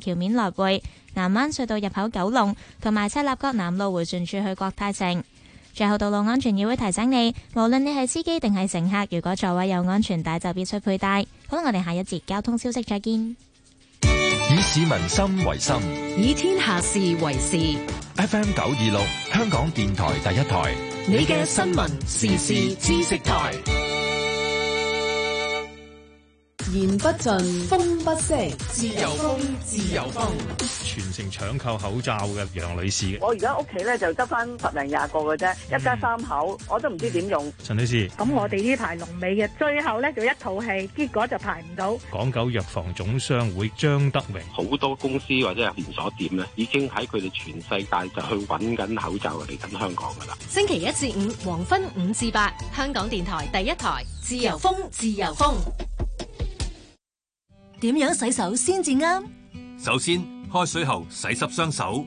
橋面來回，南灣隧道入口、九龍同埋赤鱲角南路回旋處去國泰城。最後，道路安全議會提醒你，無論你係司機定係乘客，如果座位有安全帶就必須佩戴。好啦，我哋下一節交通消息再見。以市民心為心，以天下事為事。FM 九二六，香港電台第一台，你嘅新聞時事知識台。言不盡，風不息，自由風，自由風。全城搶購口罩嘅楊女士，我現在家裡而家屋企咧就執翻十零廿個嘅啫，嗯、一家三口，我都唔知點用。陳女士，咁我哋呢排龍尾嘅，最後咧就一套戲，結果就排唔到。港九藥房總商會張德榮，好多公司或者係連鎖店咧，已經喺佢哋全世界就去揾緊口罩嚟緊香港噶啦。星期一至五黃昏五至八，香港電台第一台，自由風，自由風。點樣洗手先至啱？首先，開水喉洗濕雙手，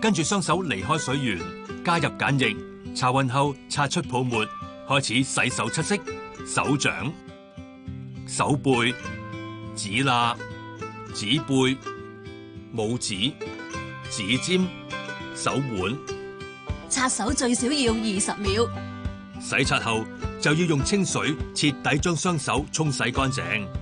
跟住雙手離開水源，加入梘液，擦勻後擦出泡沫，開始洗手七式：手掌、手背、指罅、指背、拇指、指尖、手腕。擦手最少要二十秒。洗刷後就要用清水徹底將雙手沖洗乾淨。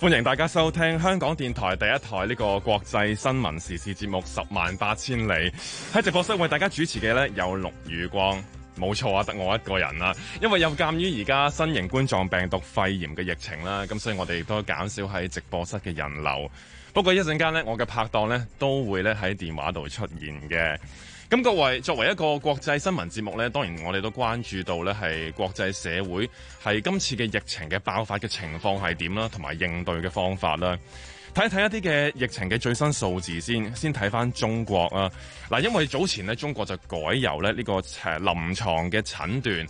歡迎大家收聽香港電台第一台呢個國際新聞時事節目《十萬八千里》喺直播室為大家主持嘅呢，有陸宇光，冇錯啊，得我一個人啦。因為又鑒於而家新型冠狀病毒肺炎嘅疫情啦，咁所以我哋亦都減少喺直播室嘅人流。不過一陣間呢，我嘅拍檔呢，都會咧喺電話度出現嘅。咁各位作為一個國際新聞節目咧，當然我哋都關注到咧，係國際社會，係今次嘅疫情嘅爆發嘅情況，係點啦，同埋應對嘅方法啦。睇一睇一啲嘅疫情嘅最新數字先，先睇翻中國啊。嗱，因為早前咧，中國就改由咧呢個臨床嘅診斷。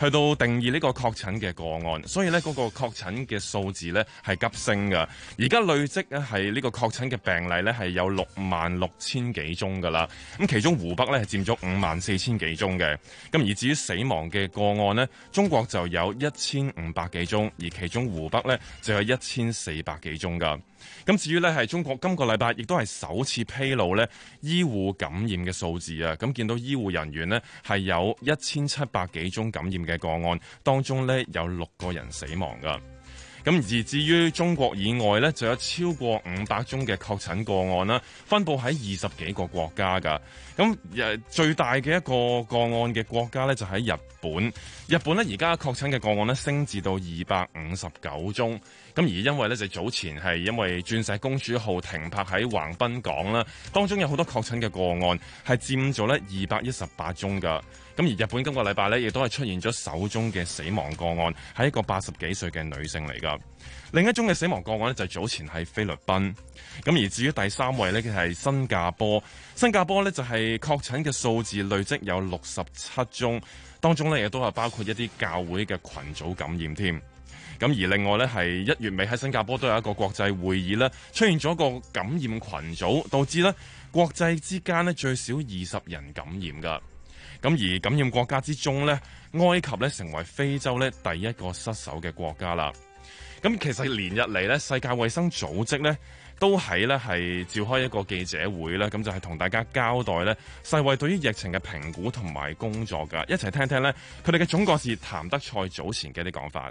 去到定義呢個確診嘅個案，所以呢嗰個確診嘅數字呢係急升㗎。而家累積咧係呢個確診嘅病例呢係有六萬六千幾宗㗎啦。咁其中湖北呢係佔咗五萬四千幾宗嘅。咁而至於死亡嘅個案呢，中國就有一千五百幾宗，而其中湖北呢就有一千四百幾宗㗎。咁至於呢係中國今個禮拜亦都係首次披露呢醫護感染嘅數字啊！咁見到醫護人員呢係有一千七百幾宗感染嘅個案，當中呢有六個人死亡噶。咁而至於中國以外呢，就有超過五百宗嘅確診個案啦，分佈喺二十幾個國家噶。咁誒最大嘅一個個案嘅國家呢，就喺日本，日本呢而家確診嘅個案呢，升至到二百五十九宗。咁而因為咧就早前係因為《鑽石公主號》停泊喺橫濱港啦，當中有好多確診嘅個案係佔咗咧二百一十八宗噶。咁而日本今個禮拜呢亦都係出現咗首宗嘅死亡個案，係一個八十幾歲嘅女性嚟噶。另一宗嘅死亡個案呢就係早前喺菲律賓。咁而至於第三位咧，佢係新加坡。新加坡呢就係確診嘅數字累積有六十七宗，當中呢亦都係包括一啲教會嘅群組感染添。咁而另外呢係一月尾喺新加坡都有一個國際會議呢出現咗個感染群組，導致呢國際之間呢最少二十人感染噶。咁而感染國家之中呢埃及呢成為非洲呢第一個失守嘅國家啦。咁其實連日嚟呢世界衛生組織呢都喺呢係召開一個記者會咧，咁就係、是、同大家交代呢世衛對於疫情嘅評估同埋工作噶。一齊聽聽呢佢哋嘅總幹事譚德塞早前嘅啲講法。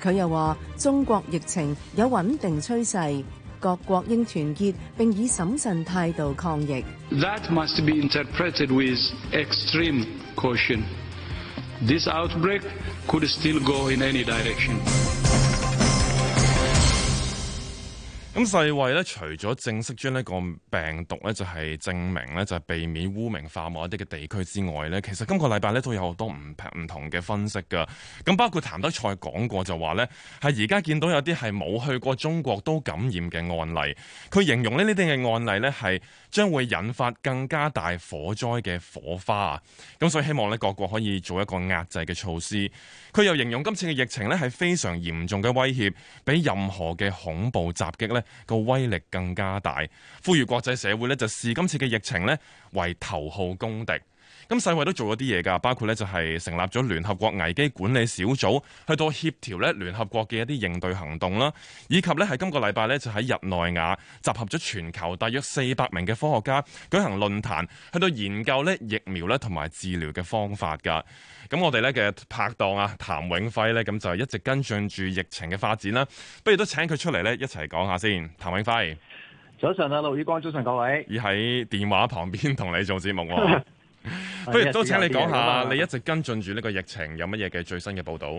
佢又話：中國疫情有穩定趨勢，各國應團結並以審慎態度抗疫。That must be interpreted with extreme caution. This outbreak could still go in any direction. 咁世衛咧，除咗正式將呢個病毒咧，就係證明咧，就係避免污名化某一啲嘅地區之外咧，其實今個禮拜咧都有好多唔唔同嘅分析噶。咁包括譚德賽講過就話咧，係而家見到有啲係冇去過中國都感染嘅案例，佢形容呢啲嘅案例咧係，將會引發更加大火災嘅火花。咁所以希望咧，各國可以做一個壓制嘅措施。佢又形容今次嘅疫情咧係非常嚴重嘅威脅，比任何嘅恐怖襲擊咧個威力更加大。呼籲國際社會咧就視今次嘅疫情咧為頭號公敵。咁世衛都做咗啲嘢噶，包括咧就係成立咗聯合國危機管理小組，去到協調咧聯合國嘅一啲應對行動啦，以及咧喺今個禮拜咧就喺日內瓦集合咗全球大約四百名嘅科學家舉行論壇，去到研究咧疫苗咧同埋治療嘅方法噶。咁我哋咧嘅拍檔啊，譚永輝咧咁就一直跟進住疫情嘅發展啦。不如都請佢出嚟咧一齊講下先。譚永輝，早上啊，陸宇光早晨各位，已喺電話旁邊同你做節目。 不如都請你講下，你一直跟進住呢個疫情有乜嘢嘅最新嘅報道？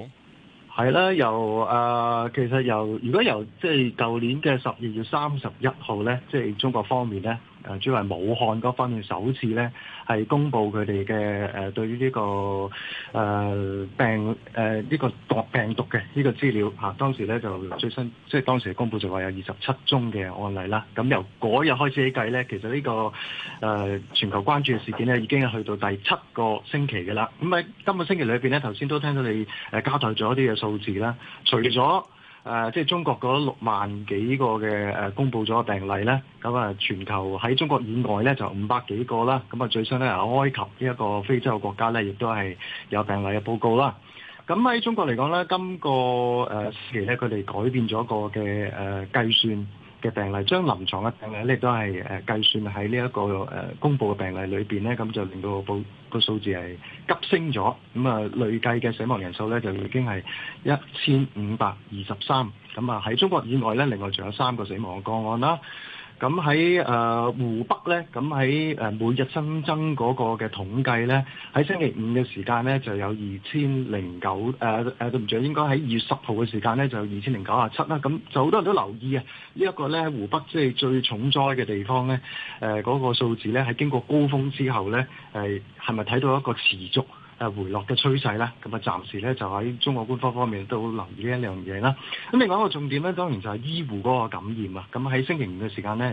係啦，由誒、呃，其實由如果由即係舊年嘅十二月三十一號咧，即係中國方面咧。誒，主要係武漢嗰方面首次咧，係公布佢哋嘅誒對於呢、這個誒、呃、病誒呢、呃這個毒病毒嘅呢個資料嚇、啊。當時咧就最新，即係當時公布就話有二十七宗嘅案例啦。咁由嗰日開始起計咧，其實呢、這個誒、呃、全球關注嘅事件咧已經係去到第七個星期嘅啦。咁喺今個星期裏面咧，頭先都聽到你誒交代咗一啲嘅數字啦，除咗。誒、呃，即係中國嗰六萬幾個嘅誒、呃、公佈咗病例咧，咁啊全球喺中國以外咧就五百幾個啦，咁啊最新咧埃及呢一個非洲國家咧，亦都係有病例嘅報告啦。咁喺中國嚟講咧，今個、呃、時期咧，佢哋改變咗個嘅誒、呃、計算。嘅病例，將臨床嘅病例亦都係誒、呃、計算喺呢一個誒、呃、公佈嘅病例裏邊咧，咁就令到個報、那個數字係急升咗。咁啊、呃、累計嘅死亡人數咧就已經係一千五百二十三。咁啊喺中國以外咧，另外仲有三個死亡嘅個案啦。咁喺誒湖北呢，咁喺每日新增嗰個嘅統計呢，喺星期五嘅時間呢就有二千零九誒誒，對唔住，應該喺二月十號嘅時間呢就有二千零九十七啦。咁就好多人都留意啊，呢、這、一個呢湖北即係最重災嘅地方呢，誒、呃、嗰、那個數字呢係經過高峰之後呢，係咪睇到一個持續係回落嘅趨勢啦，咁啊暫時咧就喺中國官方方面都留意呢一樣嘢啦。咁另外一個重點咧，當然就係醫護嗰個感染啊。咁喺星期五嘅時間咧，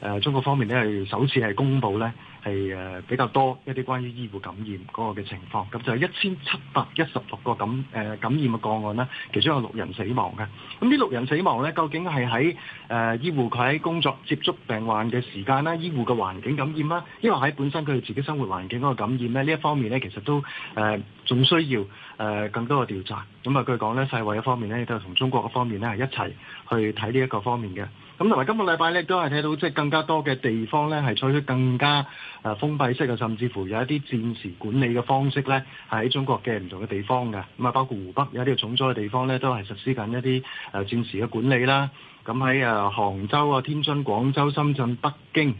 係誒中國方面咧係首次係公布咧係誒比較多一啲關於醫護感染嗰個嘅情況。咁就係一千七百一十六個感誒感染嘅個案啦，其中有六人死亡嘅。咁呢六人死亡咧，究竟係喺誒醫護佢喺工作接觸病患嘅時間啦、醫護嘅環境感染啦，亦或喺本身佢哋自己生活環境嗰個感染咧？呢一方面咧，其實都。誒仲、呃、需要誒、呃、更多嘅調查，咁啊據講咧世衛嘅方面咧亦都係同中國嘅方面咧係一齊去睇呢一個方面嘅。咁同埋今個禮拜咧都係睇到即係更加多嘅地方咧係採取更加、呃、封閉式嘅，甚至乎有一啲戰時管理嘅方式咧喺中國嘅唔同嘅地方嘅。咁啊包括湖北有一啲重災嘅地方咧都係實施緊一啲、呃、戰時嘅管理啦。咁喺、呃、杭州啊、天津、廣州、深圳、北京、誒、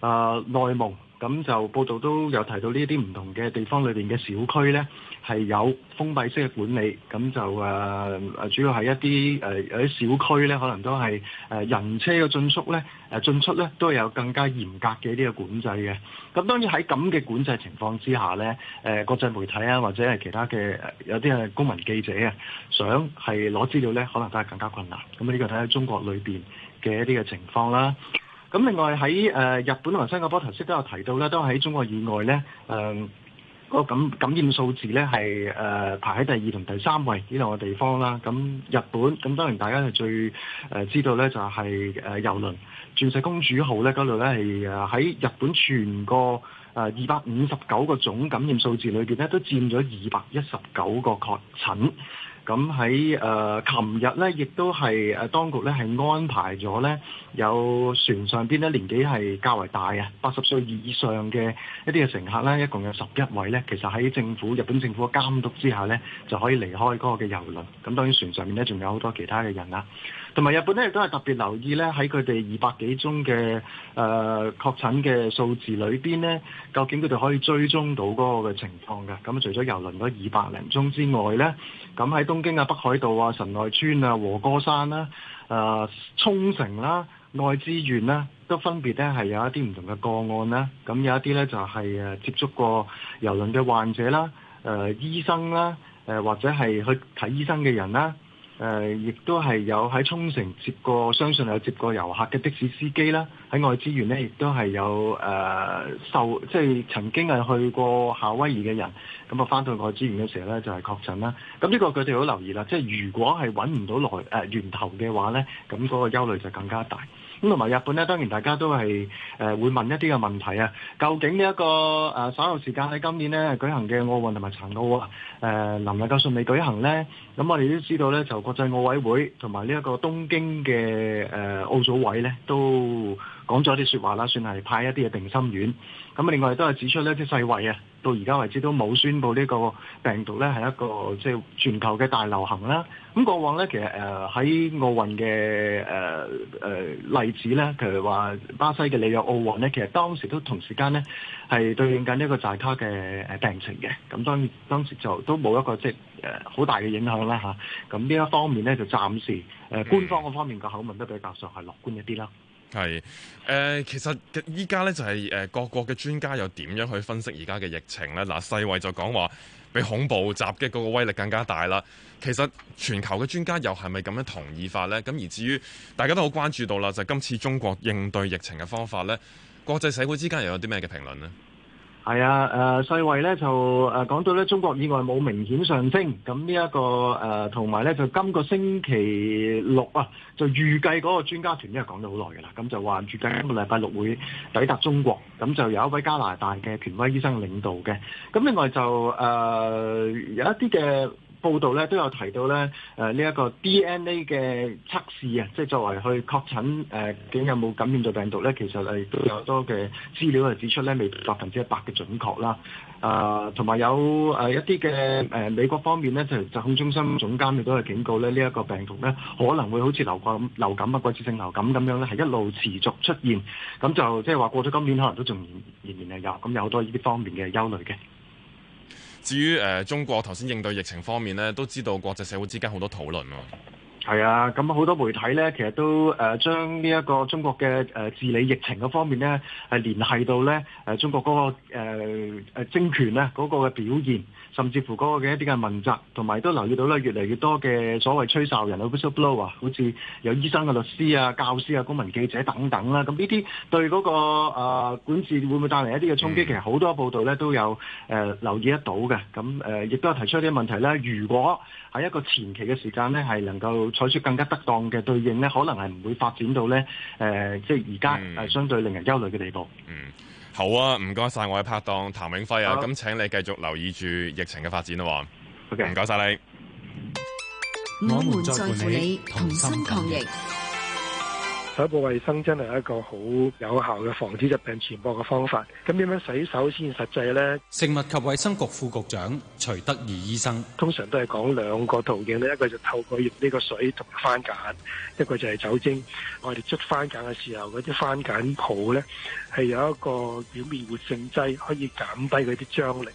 呃、內蒙。咁就報道都有提到呢一啲唔同嘅地方裏面嘅小區呢係有封閉式嘅管理。咁就誒、呃、主要係一啲誒、呃、有啲小區呢可能都係誒、呃、人車嘅進出呢，誒進出呢都係有更加嚴格嘅一啲嘅管制嘅。咁當然喺咁嘅管制情況之下呢，誒、呃、國際媒體啊，或者係其他嘅有啲公民記者啊，想係攞資料呢，可能都係更加困難。咁呢個睇下中國裏面嘅一啲嘅情況啦。咁另外喺誒日本同埋新加坡頭先都有提到咧，都喺中國以外咧，誒個感感染數字咧係誒排喺第二同第三位呢兩個地方啦。咁日本咁當然大家係最誒知道咧，就係誒遊輪‘鑽石公主號’咧嗰度咧係喺日本全個誒二百五十九個總感染數字裏邊咧，都佔咗二百一十九個確診。咁喺誒琴日咧，亦都係、呃、當局咧係安排咗咧，有船上邊咧年紀係較為大啊，八十歲以上嘅一啲嘅乘客咧，一共有十一位咧，其實喺政府日本政府嘅監督之下咧，就可以離開嗰個嘅遊輪。咁當然船上面咧仲有好多其他嘅人啦、啊。同埋日本咧，亦都係特別留意咧，喺佢哋二百幾宗嘅誒、呃、確診嘅數字裏邊咧，究竟佢哋可以追蹤到嗰個嘅情況嘅。咁、嗯、除咗郵輪嗰二百零宗之外咧，咁、嗯、喺東京啊、北海道啊、神奈川啊、和歌山啦、啊、誒、呃、沖繩啦、啊、愛知縣啦、啊，都分別咧係有一啲唔同嘅個案啦、啊。咁有一啲咧就係、是、接觸過郵輪嘅患者啦、啊、誒、呃、醫生啦、啊呃、或者係去睇醫生嘅人啦、啊。誒，亦、呃、都係有喺沖繩接過，相信有接過遊客嘅的，的士司機啦。喺外資源呢，亦都係有誒、呃、受，即係曾經係去過夏威夷嘅人，咁啊返到外資源嘅時候呢，就係、是、確診啦。咁呢個佢哋好留意啦，即係如果係揾唔到來、呃、源頭嘅話呢，咁嗰個憂慮就更加大。咁同埋日本咧，當然大家都係誒、呃、會問一啲嘅問題啊。究竟呢、這、一個誒稍後時間喺今年咧舉行嘅奧運同埋殘奧能唔能夠順利舉行咧？咁我哋都知道咧，就國際奧委會同埋呢一個東京嘅誒奧組委咧，都講咗啲説話啦，算係派一啲嘅定心丸。咁另外都係指出呢啲世衛啊。到而家為止都冇宣布呢個病毒呢係一個即係、就是、全球嘅大流行啦。咁過往呢，其實誒喺、呃、奧運嘅誒誒例子呢，譬如話巴西嘅里約奧運呢，其實當時都同時間呢係對應緊呢一個寨卡嘅誒病情嘅。咁當然當時就都冇一個即係誒好大嘅影響啦嚇。咁、啊、呢一方面呢，就暫時誒、呃、官方嗰方面嘅口吻都比較上係樂觀一啲啦。係，誒、呃、其實依家咧就係誒各國嘅專家又點樣去分析而家嘅疫情呢？嗱，世衛就講話比恐怖襲擊嗰個威力更加大啦。其實全球嘅專家又係咪咁樣同意法呢？咁而至於大家都好關注到啦，就今次中國應對疫情嘅方法呢？國際社會之間又有啲咩嘅評論呢？係啊，誒、呃、世衛咧就誒、呃、講到咧中國以外冇明顯上升，咁、這個呃、呢一個誒同埋咧就今個星期六啊，就預計嗰個專家團已經講咗好耐㗎啦，咁就話預計今個禮拜六會抵達中國，咁就有一位加拿大嘅權威醫生領導嘅，咁另外就誒、呃、有一啲嘅。報道咧都有提到咧，呢、呃、一、呢個 DNA 嘅測試啊，即係作為去確診誒，究、呃、竟有冇感染到病毒咧？其實係都有多嘅資料係指出咧，未百分之一百嘅準確啦。啊、呃，同埋有一啲嘅、呃、美國方面咧，就係、疾控中心總監亦都係警告咧，呢、呢、一個病毒咧可能會好似流感流感啊、季節性流感咁樣咧，係一路持續出現，咁就即係話過咗今年可能都仲仍然係有，咁有好多呢啲方面嘅憂慮嘅。至於、呃、中國頭先應對疫情方面咧，都知道國際社會之間好多討論喎。係啊，咁好、啊、多媒體咧，其實都誒、呃、將呢一個中國嘅、呃、治理疫情嗰方面咧，係、呃、聯繫到咧、呃、中國嗰、嗰個、呃、政權咧嗰個嘅表現。甚至乎嗰個嘅一啲嘅問責，同埋都留意到咧，越嚟越多嘅所謂吹哨人啊，whistleblower 啊，好似有醫生啊、律師啊、教師啊、公民記者等等啦。咁呢啲對嗰、那個、呃、管治會唔會帶嚟一啲嘅衝擊？嗯、其實好多報道咧都有誒、呃、留意得到嘅。咁誒亦都有提出一啲問題咧。如果喺一個前期嘅時間咧，係能夠採取更加得當嘅對應咧，可能係唔會發展到咧誒、呃，即係而家誒相對令人憂慮嘅地步。嗯。嗯。好啊，唔該晒我嘅拍檔譚永暉啊，咁、啊、請你繼續留意住疫情嘅發展咯。OK，唔該晒你。我們在乎你，同心抗疫。手部衛生真係一個好有效嘅防止疾病傳播嘅方法。咁點樣洗手先實際呢？食物及衛生局副局長徐德義醫生通常都係講兩個途徑呢，一個就透過用呢個水同番鹼，一個就係酒精。我哋捽番鹼嘅時候，嗰啲番鹼泡呢係有一個表面活性劑，可以減低嗰啲張力，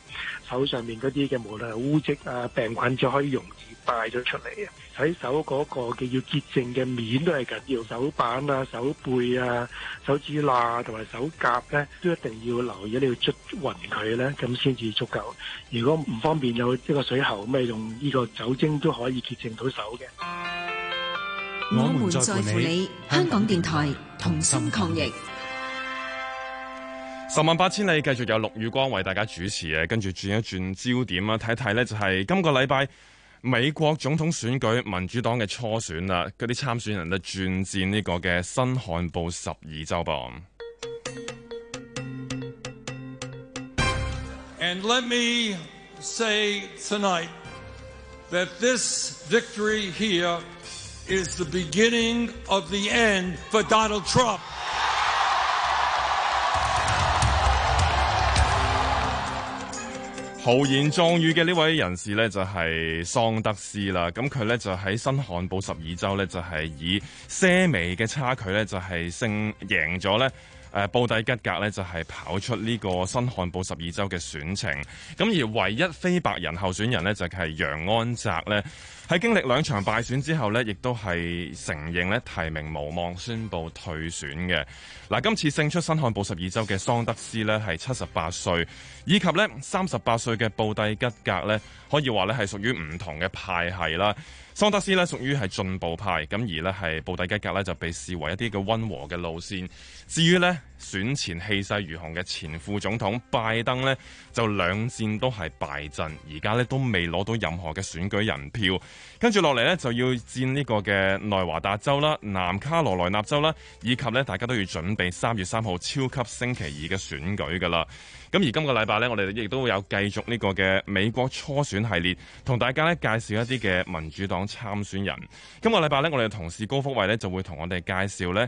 手上面嗰啲嘅無論係污漬啊、病菌，就可以容易帶咗出嚟。洗手嗰個嘅要潔淨嘅面都係緊要，手板。啊，手背啊，手指罅同埋手甲咧，都一定要留意，你要捽匀佢咧，咁先至足夠。如果唔方便有呢個水喉，咁用呢個酒精都可以潔淨到手嘅。我們在乎你，香港電台同心抗疫。十萬八千里繼續有陸宇光為大家主持嘅，跟住轉一轉焦點啊，睇睇咧就係今個禮拜，美國總統選舉民主黨嘅初選啦，嗰啲參選人就轉戰呢個嘅新罕布什爾州 And let me say tonight that this victory here is the beginning of the end for Donald Trump. 豪言壯語嘅呢位人士呢，就係桑德斯啦，咁佢呢，就喺新罕布什爾州呢，就係以些微嘅差距呢，就係勝贏咗呢誒布蒂吉格呢，就係跑出呢個新罕布什爾州嘅選情，咁而唯一非白人候選人呢，就係楊安澤呢。喺經歷兩場敗選之後呢，亦都係承認呢提名無望，宣布退選嘅。嗱、啊，今次勝出新罕布什爾州嘅桑德斯呢，係七十八歲，以及呢三十八歲嘅布蒂吉格呢可以話呢係屬於唔同嘅派系啦。桑德斯呢屬於係進步派，咁而呢係布蒂吉格呢就被視為一啲嘅溫和嘅路線。至於呢。選前氣勢如虹嘅前副總統拜登呢，就兩戰都係敗陣，而家呢，都未攞到任何嘅選舉人票。跟住落嚟呢，就要戰呢個嘅內華達州啦、南卡羅來納州啦，以及呢，大家都要準備三月三號超級星期二嘅選舉噶啦。咁而今個禮拜呢，我哋亦都會有繼續呢個嘅美國初選系列，同大家呢介紹一啲嘅民主黨參選人。今個禮拜呢，我哋同事高福慧呢，就會同我哋介紹呢。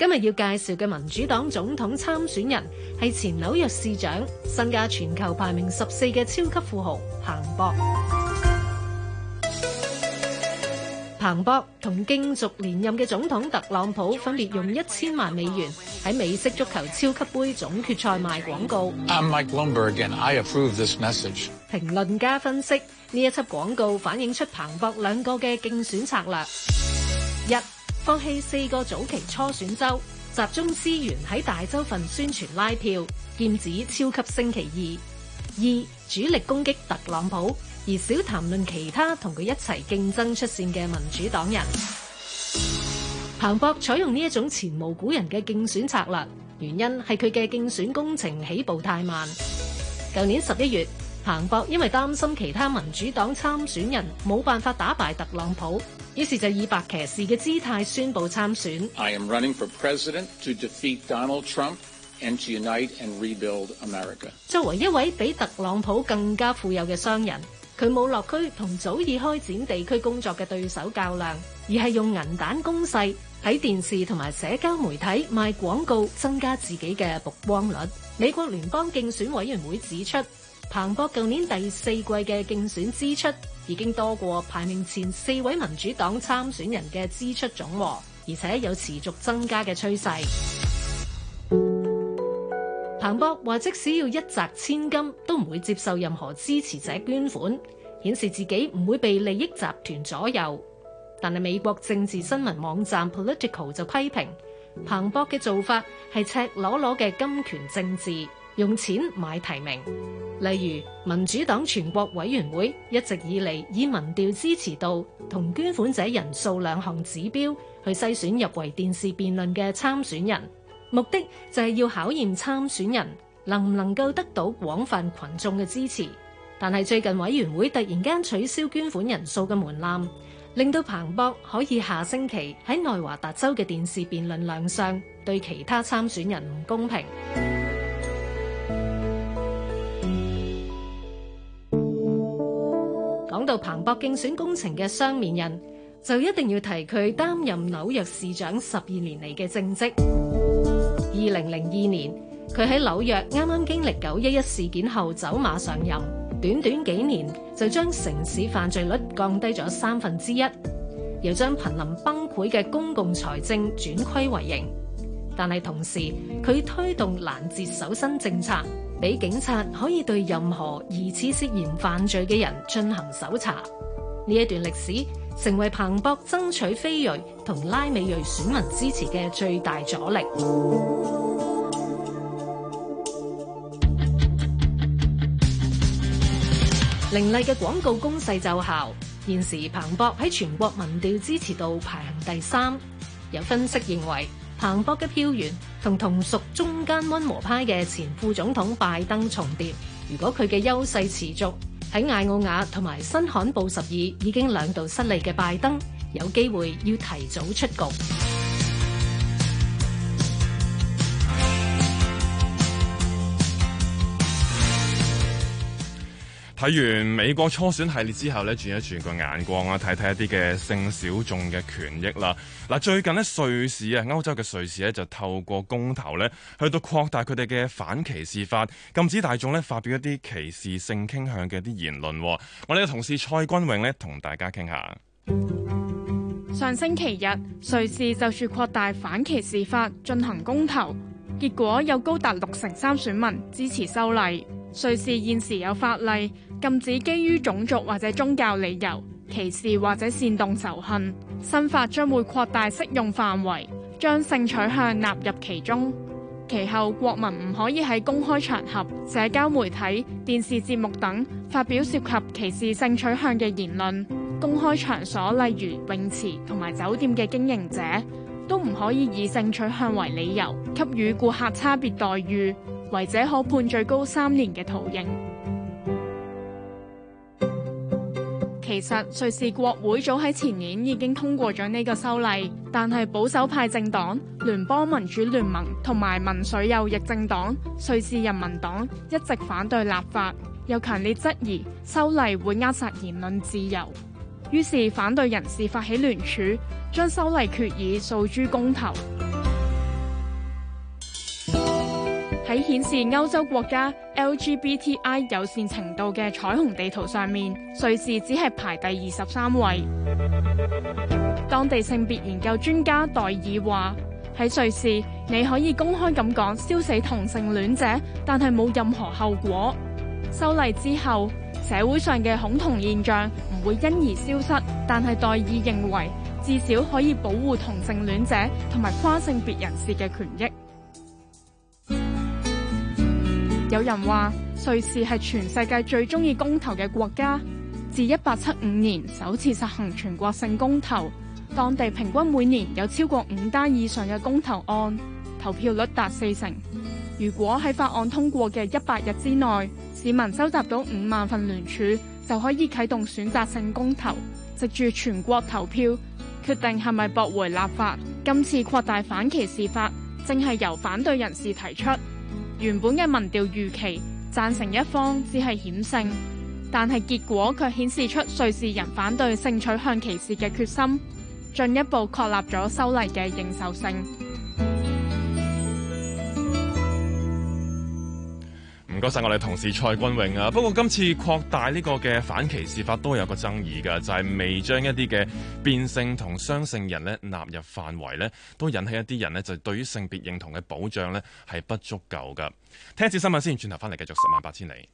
今日要介紹嘅民主黨總統參選人係前紐約市長、身家全球排名十四嘅超級富豪彭博。彭博同競逐連任嘅總統特朗普分別用一千萬美元喺美式足球超級杯總決賽賣廣告。評論家分析，呢一輯廣告反映出彭博兩個嘅競選策略一。放棄四個早期初選州，集中資源喺大州份宣傳拉票，劍指超級星期二。二，主力攻擊特朗普，而少談論其他同佢一齊競爭出線嘅民主黨人。彭博採用呢一種前無古人嘅競選策略，原因係佢嘅競選工程起步太慢。舊年十一月，彭博因為擔心其他民主黨參選人冇辦法打敗特朗普。於是就以白騎士嘅姿態宣佈參選。I am running for president to defeat Donald Trump and to unite and rebuild America. 作為一位比特朗普更加富有嘅商人，佢冇落區同早已開展地區工作嘅對手較量，而係用銀彈攻勢喺電視同埋社交媒體賣廣告，增加自己嘅曝光率。美國聯邦競選委員會指出。彭博舊年第四季嘅競選支出已經多過排名前四位民主黨參選人嘅支出總和，而且有持續增加嘅趨勢。彭博話，即使要一擲千金，都唔會接受任何支持者捐款，顯示自己唔會被利益集團左右。但係美國政治新聞網站 Political 就批評彭博嘅做法係赤裸裸嘅金權政治，用錢買提名。例如民主黨全國委員會一直以嚟以民調支持度同捐款者人數兩項指標去篩選入圍電視辯論嘅參選人，目的就係要考驗參選人能唔能夠得到廣泛群眾嘅支持。但係最近委員會突然間取消捐款人數嘅門檻，令到彭博可以下星期喺內華達州嘅電視辯論亮相，對其他參選人唔公平。到彭博競選工程嘅雙面人，就一定要提佢擔任紐約市長十二年嚟嘅政績。二零零二年，佢喺紐約啱啱經歷九一一事件後走馬上任，短短幾年就將城市犯罪率降低咗三分之一，又將瀕臨崩潰嘅公共財政轉虧為盈。但係同時，佢推動攔截搜身政策。俾警察可以對任何疑似涉嫌犯罪嘅人進行搜查。呢一段歷史成為彭博爭取非裔同拉美裔選民支持嘅最大阻力。凌厲嘅廣告攻勢奏效，現時彭博喺全國民調支持度排行第三。有分析認為。彭博嘅票源和同同屬中間溫和派嘅前副總統拜登重疊，如果佢嘅優勢持續，喺艾奧瓦同埋新罕布什爾已經兩度失利嘅拜登，有機會要提早出局。睇完美國初選系列之後咧，轉一轉個眼光啊，睇睇一啲嘅性小眾嘅權益啦。嗱，最近咧瑞士啊，歐洲嘅瑞士咧就透過公投咧去到擴大佢哋嘅反歧視法，禁止大眾咧發表一啲歧視性傾向嘅啲言論。我哋嘅同事蔡君穎咧同大家傾下。上星期日，瑞士就住擴大反歧視法進行公投，結果有高達六成三選民支持修例。瑞士現時有法例，禁止基於種族或者宗教理由歧視或者煽動仇恨。新法將會擴大適用範圍，將性取向納入其中。其後，國民唔可以喺公開場合、社交媒體、電視節目等發表涉及歧視性取向嘅言論。公開場所例如泳池同埋酒店嘅經營者都唔可以以性取向為理由給予顧客差別待遇，違者可判最高三年嘅徒刑。其實瑞士國會早喺前年已經通過咗呢個修例，但係保守派政黨聯邦民主聯盟同埋民粹右翼政黨瑞士人民黨一直反對立法，又強烈質疑修例會扼殺言論自由。於是反對人士發起聯署，將修例決議訴諸公投。喺顯示歐洲國家 LGBTI 友善程度嘅彩虹地圖上面，瑞士只係排第二十三位。當地性別研究專家代爾話：喺瑞士，你可以公開咁講燒死同性戀者，但係冇任何後果。修例之後，社會上嘅恐同現象唔會因而消失，但係代爾認為，至少可以保護同性戀者同埋跨性別人士嘅權益。有人話，瑞士係全世界最中意公投嘅國家。自一八七五年首次實行全國性公投，當地平均每年有超過五單以上嘅公投案，投票率達四成。如果喺法案通過嘅一百日之內，市民收集到五萬份聯署，就可以啟動選擇性公投，藉住全國投票決定係咪駁回立法。今次擴大反歧視法，正係由反對人士提出。原本嘅民調預期贊成一方只係險勝，但係結果卻顯示出瑞士人反對性取向歧視嘅決心，進一步確立咗修例嘅認受性。唔該我哋同事蔡君穎啊。不過今次擴大呢個嘅反歧視法都有一個爭議嘅，就係未將一啲嘅變性同雙性人呢納入範圍呢都引起一啲人呢就對於性別認同嘅保障呢係不足夠噶。聽一次新聞先，轉頭翻嚟繼續十萬八千里。